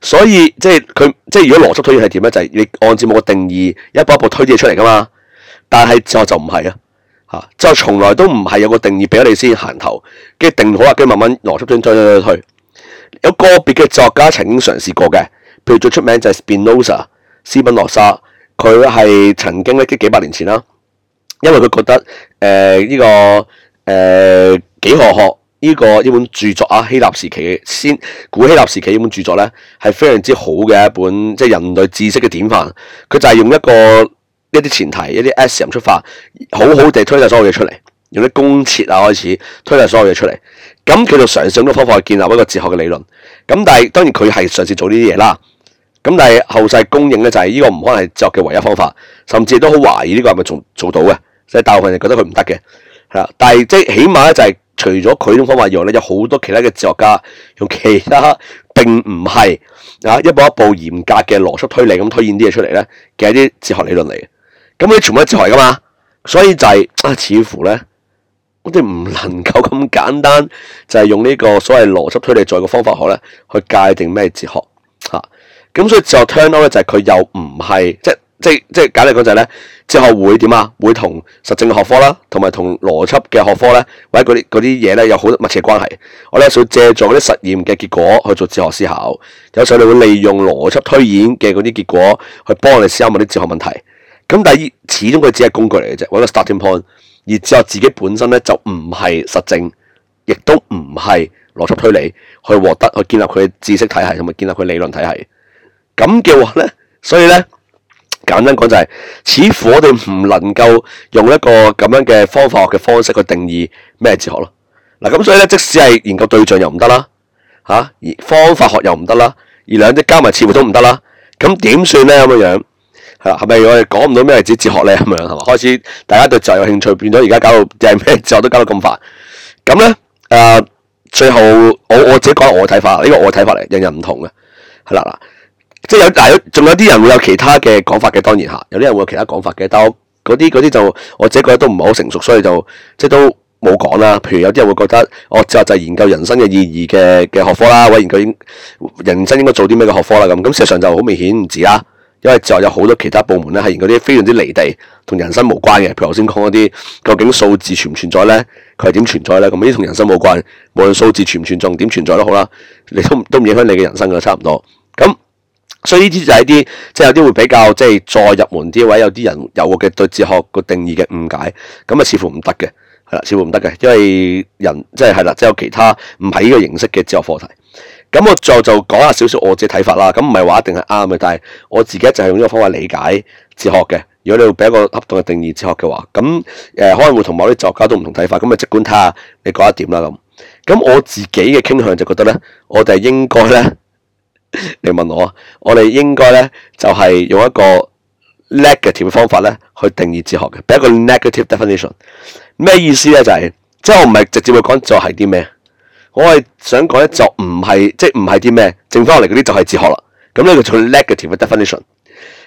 所以即係佢，即係，如果邏輯推演係點咧，就係、是、你按照某個定義一步一步推導出嚟噶嘛。但係就就唔係啊，嚇就從來都唔係有個定義俾你先行頭，跟住定好啦，跟住慢慢邏輯推推推推。推。有個別嘅作家曾經嘗試過嘅，譬如最出名就係 Spinoza，斯賓諾莎佢係曾經咧即幾百年前啦，因為佢覺得誒呢、呃呢個誒、呃、幾何學。呢個呢本著作啊，希臘時期嘅先古希臘時期呢本著作呢，係非常之好嘅一本，即係人類知識嘅典範。佢就係用一個一啲前提、一啲 assumption 出發，好好地推晒所有嘢出嚟，用啲公設啊開始推晒所有嘢出嚟。咁佢就嘗試用呢個方法去建立一個哲學嘅理論。咁但係當然佢係嘗試做呢啲嘢啦。咁但係後世公認呢、就是，就係呢個唔可能係哲學嘅唯一方法，甚至都好懷疑呢個係咪做做到嘅。即係大部分人覺得佢唔得嘅。係啦，但係即係起碼呢，就係、是。除咗佢種方法以外咧，有好多其他嘅哲學家用其他並唔係啊，一步一步嚴格嘅邏輯推理咁推演啲嘢出嚟咧嘅一啲哲學理論嚟嘅。咁佢全部係哲學噶嘛，所以就係、是、啊，似乎咧我哋唔能夠咁簡單就係、是、用呢個所謂邏輯推理做嘅方法學咧去界定咩哲學嚇。咁、啊、所以哲學 turn out 咧就係佢又唔係即係。就是即係即係，簡單講就係咧，哲學會點啊？會同實證學科啦，同埋同邏輯嘅學科咧，或者嗰啲啲嘢咧，有好多密切關係。我咧想借助嗰啲實驗嘅結果去做哲學思考，有時候你會利用邏輯推演嘅嗰啲結果去幫你思考某啲哲學問題。咁但係始終佢只係工具嚟嘅啫，一個 starting point。而之後自己本身咧就唔係實證，亦都唔係邏輯推理去獲得去建立佢嘅知識體系同埋建立佢理論體系。咁嘅話咧，所以咧。簡單講就係、是，似乎我哋唔能夠用一個咁樣嘅方法學嘅方式去定義咩哲學咯。嗱、啊、咁所以咧，即使係研究對象又唔得啦，吓、啊、而方法學又唔得啦，而兩者加埋似乎都唔得啦。咁點算咧？咁樣係係樣係咪我哋講唔到咩係哲學咧？咁樣係嘛？開始大家對哲學有興趣變咗，而家搞到定係咩哲學都搞到咁煩。咁咧誒，最後我我自己講下我嘅睇法，呢、這個我嘅睇法嚟，人人唔同嘅係啦嗱。即係有嗱，仲有啲人會有其他嘅講法嘅，當然嚇。有啲人會有其他講法嘅，但我嗰啲嗰啲就我自己覺得都唔係好成熟，所以就即係都冇講啦。譬如有啲人會覺得，我即係就係研究人生嘅意義嘅嘅學科啦，或者研究人生應該做啲咩嘅學科啦咁。咁事實上就好明顯唔止啦，因為就係有好多其他部門咧係研究啲非常之離地同人生無關嘅。譬如頭先講嗰啲究竟數字存唔存在咧，佢係點存在咧？咁呢啲同人生冇關，無論數字存唔存在，點存在都好啦，你都都唔影響你嘅人生噶差唔多咁。所以呢啲就係啲即係有啲會比較即係、就是、再入門啲位，或者有啲人有個嘅對哲學個定義嘅誤解，咁啊似乎唔得嘅，係啦，似乎唔得嘅，因為人即係係啦，即、就、係、是就是、有其他唔係呢個形式嘅哲學課題。咁我再就講下少少我自己睇法啦。咁唔係話一定係啱嘅，但係我自己就係用呢個方法理解哲學嘅。如果你要俾一個恰當嘅定義哲學嘅話，咁誒、呃、可能會同某啲作家都唔同睇法。咁啊，即管睇下你覺得點啦咁。咁我自己嘅傾向就覺得咧，我哋係應該咧。你問我啊，我哋應該咧就係、是、用一個 negative 嘅方法咧去定義哲學嘅，俾一個 negative definition，咩意思咧？就係、是、即係我唔係直接會講就係啲咩，我係想講咧就唔係即係唔係啲咩，剩翻落嚟嗰啲就係、是、哲學啦。咁呢個做 negative 嘅 definition。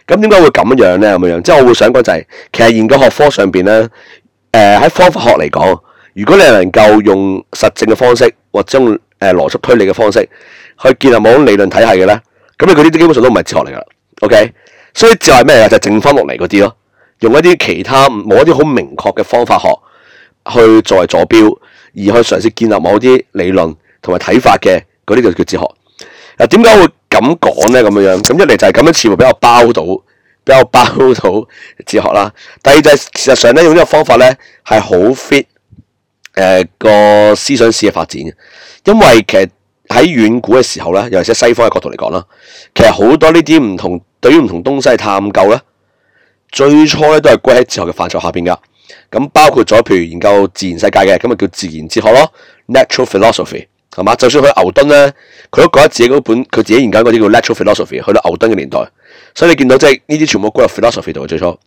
咁點解會咁樣咧？咁樣，即係我會想講就係、是，其實研究學科上邊咧，誒喺方法學嚟講，如果你能夠用實證嘅方式或者。誒，邏輯推理嘅方式去建立某啲理論體系嘅咧，咁你嗰啲基本上都唔係哲學嚟噶啦，OK？所以就係咩啊？就係、是、剩翻落嚟嗰啲咯，用一啲其他冇一啲好明確嘅方法學去作為坐標，而去嘗試建立某啲理論同埋睇法嘅，嗰啲就叫哲學。啊，點解會咁講咧？咁嘅樣，咁一嚟就係咁樣，似乎比較包到，比較包到哲學啦。第二就係、是、事實上咧，用呢個方法咧係好 fit。誒、呃，個思想史嘅發展，因為其實喺遠古嘅時候咧，尤其西方嘅角度嚟講啦，其實好多呢啲唔同，對於唔同東西嘅探究咧，最初咧都係歸喺哲學嘅範疇下邊噶。咁包括咗，譬如研究自然世界嘅，咁咪叫自然哲學咯，natural philosophy 係嘛。就算佢牛頓咧，佢都覺得自己嗰本，佢自己研究嗰啲叫 natural philosophy，去到牛頓嘅年代，所以你見到即係呢啲全部歸入 philosophy 度最初。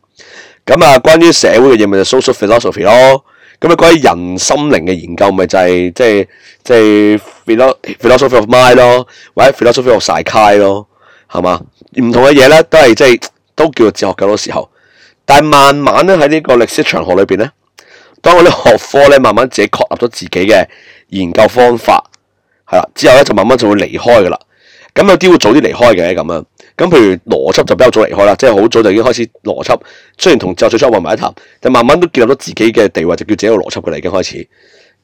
咁啊，關於社會嘅嘢，咪就是、social philosophy 咯。咁啊，關於人心靈嘅研究，就是，咪就係、是、即係、就、即、是、係 philosophy of mind 咯，或者 philosophy of psychology 咯，係嘛？唔同嘅嘢咧，都係即係都叫做哲學嘅好多時候。但係慢慢咧喺呢個歷史長河裏邊咧，當我啲學科咧慢慢自己確立咗自己嘅研究方法係啦，之後咧就慢慢就會離開嘅啦。咁有啲會早啲離開嘅咁樣。咁譬如邏輯就比較早離開啦，即係好早就已經開始邏輯。雖然同哲學出混埋一談，但慢慢都建立咗自己嘅地位，就叫自己有邏輯嘅已經開始。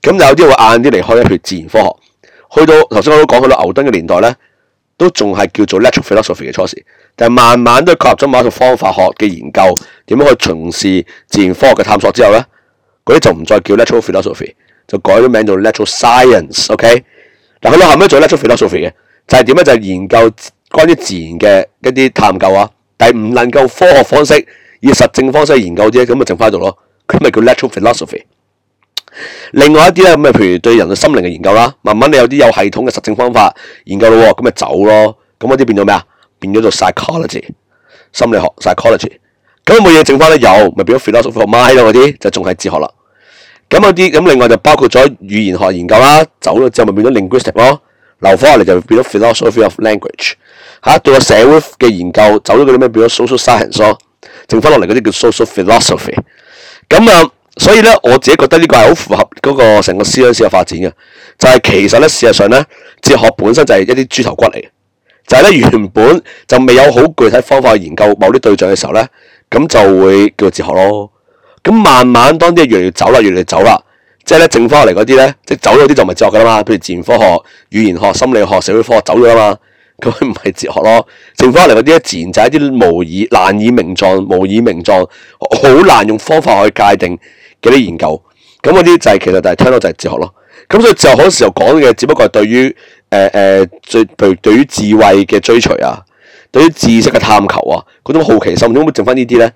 咁有啲會晏啲離開，譬如自然科學。去到頭先我都講去到牛頓嘅年代咧，都仲係叫做 natural philosophy 嘅初時，但係慢慢都加入咗某一種方法學嘅研究，點樣去從事自然科學嘅探索之後咧，嗰啲就唔再叫 natural philosophy，就改咗名 cience、okay? 做 natural science。OK，嗱佢哋後尾做 natural philosophy 嘅就係、是、點樣就係研究。關於自然嘅一啲探究啊，但唔能夠科學方式以實證方式研究啫，咁咪剩翻度道咯。佢咪叫 natural philosophy。另外一啲咧，咁咪譬如對人嘅心靈嘅研究啦，慢慢你有啲有系統嘅實證方法研究咯，咁咪走咯。咁嗰啲變咗咩啊？變咗做 psychology 心理學 psychology。咁有冇嘢剩翻咧？有，咪變咗 philosophy of mind 咯，嗰啲就仲係哲學啦。咁嗰啲咁，另外就包括咗語言學研究啦，走咗之後咪變咗 linguistic 咯。留翻落嚟就變咗 philosophy of language。嚇、啊、對個社會嘅研究走咗嗰啲咩？變咗 social science 咯。剩翻落嚟嗰啲叫 social philosophy。咁啊，所以咧我自己覺得呢個係好符合嗰個成個思想史嘅發展嘅。就係、是、其實咧事實上咧，哲學本身就係一啲豬頭骨嚟嘅，就係、是、咧原本就未有好具體方法去研究某啲對象嘅時候咧，咁就會叫做哲學咯。咁慢慢當啲嘢越嚟越走啦，越嚟越走啦，即係咧剩翻落嚟嗰啲咧，即係走咗啲就唔係哲學噶啦嘛。譬如自然科學、語言學、心理學、社會科學走咗啊嘛。佢唔係哲學咯，剩翻嚟嗰啲咧自然就係一啲無以難以名狀、無以名狀，好難用方法去界定嘅啲研究。咁嗰啲就係、是、其實就係、是、聽到就係哲學咯。咁所以就好多時候講嘅，只不過係對於誒誒、呃呃、最譬如對於智慧嘅追隨啊，對於知識嘅探求啊，嗰種好奇心，點解剩翻呢啲咧？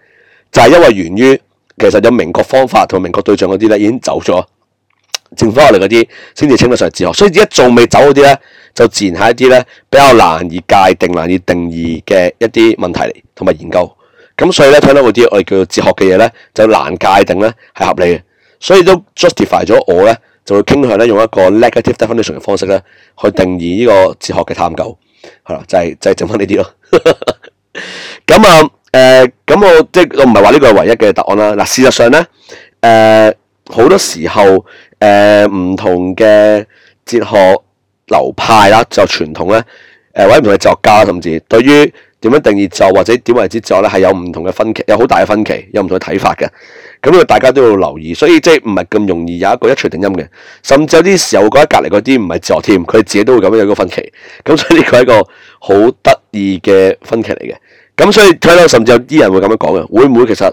就係、是、因為源於其實有明確方法同明確對象嗰啲咧，已經走咗。剩翻我哋嗰啲先至稱得上係哲學，所以一仲未走嗰啲咧，就自然係一啲咧比較難以界定、難以定義嘅一啲問題嚟，同埋研究。咁所以咧，睇到嗰啲我哋叫做哲學嘅嘢咧，就難界定咧係合理嘅，所以都 justify 咗我咧就會傾向咧用一個 negative definition 嘅方式咧去定義呢個哲學嘅探究係啦，就係、係、就係剩翻呢啲咯。咁 (laughs) 啊誒，咁、呃、我即係我唔係話呢個係唯一嘅答案啦。嗱，事實上咧誒，好、呃、多時候。誒、呃、唔同嘅哲學流派啦，就傳統咧，誒、呃、或者唔同嘅哲學家甚至對於點樣定義就，或者點為之哲學咧，係有唔同嘅分歧，有好大嘅分歧，有唔同嘅睇法嘅。咁呢個，大家都要留意，所以即係唔係咁容易有一個一錘定音嘅。甚至有啲時候會覺得隔離嗰啲唔係哲學添，佢自己都會咁樣有一個分歧。咁所以呢個係一個好得意嘅分歧嚟嘅。咁所以睇到甚至有啲人會咁樣講嘅，會唔會其實？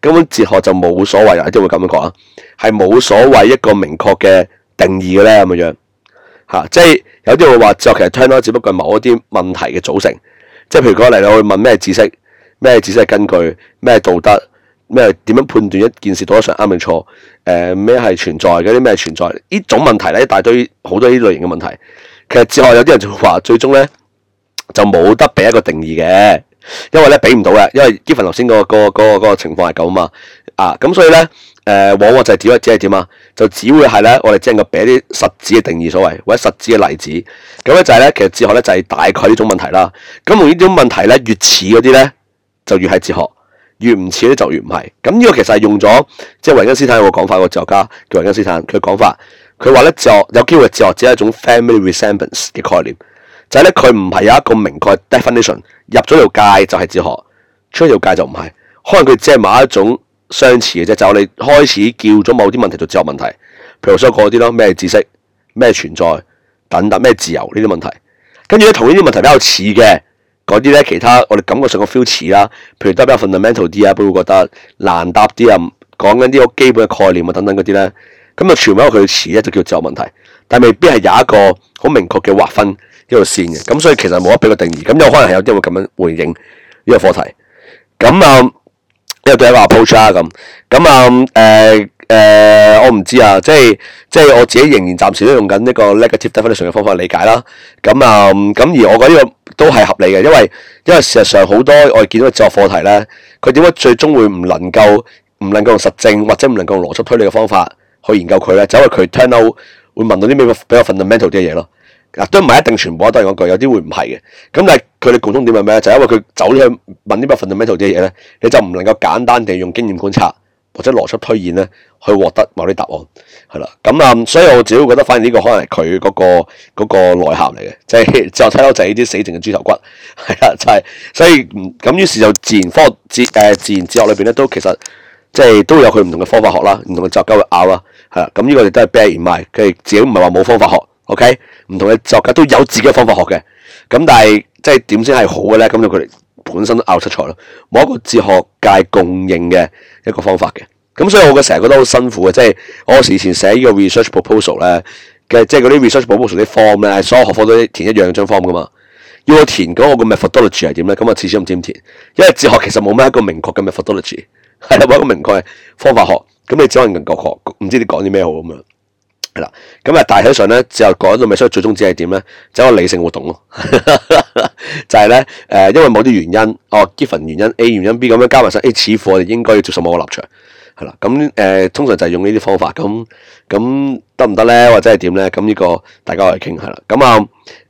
根本哲學就冇所謂，有啲會咁樣講，係冇所謂一個明確嘅定義嘅咧，咁嘅樣，嚇、啊，即係有啲會話，哲學其實聽咯，只不過係某一啲問題嘅組成，即係譬如講嚟，你去問咩知識，咩知識根據，咩道德，咩點樣判斷一件事對得上啱定錯，誒咩係存在，嗰啲咩存在，呢種問題咧，一大堆好多呢類型嘅問題，其實哲學有啲人就會話，最終咧就冇得俾一個定義嘅。因為咧俾唔到嘅，因為呢份頭先嗰個、嗰個、嗰個情況係咁啊，啊咁所以咧誒、呃，往往就只只係點啊，就只會係咧，我哋只能夠俾啲實質嘅定義，所謂或者實質嘅例子，咁咧就係咧，其實哲學咧就係大概呢種問題啦。咁呢種問題咧越似嗰啲咧，就越係哲學；越唔似咧就越唔係。咁呢個其實係用咗即係維根斯坦有個講法，個哲學家叫維根斯坦佢嘅講法，佢話咧哲學有機會哲學只係一種 family resemblance 嘅概念。就係咧，佢唔係有一個明確 definition。入咗條界就係哲學，出咗條界就唔係。可能佢只係某一種相似嘅啫。就係、我哋開始叫咗某啲問題做哲學問題，譬如我所講嗰啲咯，咩知識、咩存在等等，咩自由呢啲問題。跟住咧，同呢啲問題比較似嘅嗰啲咧，其他我哋感覺上嘅 feel 似啦，譬如都比較 fundamental 啲啊，都會覺得難答啲啊，講緊啲好基本嘅概念啊，等等嗰啲咧，咁啊，全部都佢似咧，就叫哲學問題，但未必係有一個好明確嘅劃分。呢條線嘅，咁所以其實冇得俾個定義，咁有可能係有啲會咁樣回應呢個課題。咁啊，呢個對一個 approach 啊咁，咁啊誒誒，我唔知啊，即係即係我自己仍然暫時都用緊呢個 negative definition 嘅方法去理解啦。咁啊，咁、嗯、而我覺得呢個都係合理嘅，因為因為事實上好多我哋見到嘅哲學課題咧，佢點解最終會唔能夠唔能夠用實證或者唔能夠用邏輯推理嘅方法去研究佢咧？就因係佢 turn out，會問到啲咩比較 fundamental 啲嘅嘢咯。嗱，都唔係一定全部都係嗰句，有啲會唔係嘅。咁但係佢哋共通點係咩？就係、因為佢走咗去問啲 fundamental 嘅嘢咧，你就唔能夠簡單地用經驗觀察或者邏輯推演咧，去獲得某啲答案係啦。咁啊，所以我主要覺得反而呢個可能係佢嗰個嗰、那個、內涵嚟嘅，即係就睇、是、到就係呢啲死剩嘅豬頭骨，係啊，就係、是、所以咁於是就自然科學自誒、呃、自然哲學裏邊咧，都其實即係、就是、都有佢唔同嘅方法學啦，唔同嘅雜交嘅拗啦，係啦。咁呢個亦都係 b e a 佢哋自然唔係話冇方法學。OK，唔同嘅作家都有自己嘅方法學嘅，咁但係即係點先係好嘅咧？咁就佢哋本身都拗出嚟咯。冇一個哲學界公認嘅一個方法嘅，咁所以我嘅成日覺得好辛苦嘅。即係我以前寫呢個 research proposal 咧嘅，即係嗰啲 research proposal 啲 form 咧，所有學科都填一樣張 form 噶嘛。要填我填嗰個 methodology 係點咧？咁我次次都唔知點填，因為哲學其實冇咩一個明確嘅 methodology，係冇一個明確嘅方法學，咁你只能能夠學，唔知你講啲咩好咁樣。係啦，咁啊，大體上咧就講到咪，所以最終只係點咧，一、就、個、是、理性活動咯， (laughs) 就係咧誒，因為某啲原因，哦 given 原因 A，原因 B 咁樣加埋上 a、哎、似乎我哋應該要接受某個立場，係啦，咁、嗯、誒、呃、通常就係用呢啲方法，咁咁得唔得咧，或者係點咧？咁呢個大家可以傾下啦。咁啊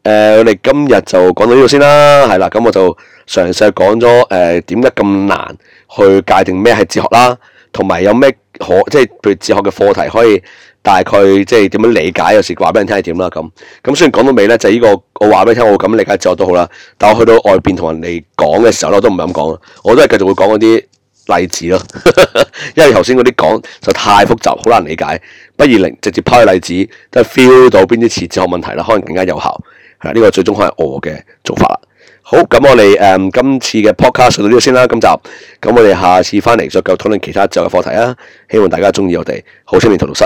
誒，我哋今日就講到呢度先啦，係啦，咁、嗯、我就嘗試講咗誒、呃、點解咁難去界定咩係哲學啦，同埋有咩可即係譬如哲學嘅課題可以。大概即係點樣理解？有時話俾人聽係點啦。咁咁雖然講到尾咧，就呢、係、個我話俾你聽，我咁理解咗都好啦。但我去到外邊同人哋講嘅時候咧，都唔敢咁講，我都係繼續會講嗰啲例子咯。 (laughs) 因為頭先嗰啲講就太複雜，好難理解，不如直接拋啲例子，都係 feel 到邊啲哲學嘅問題啦，可能更加有效。係呢、呢個最終可能我嘅做法啦。好，咁，我哋誒、嗯、今次嘅 podcast 到呢度先啦。今集，咁我哋下次翻嚟再繼續討論其他嘅課題啊。希望大家中意我哋好青年荼毒室。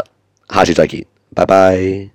下次再見，拜拜。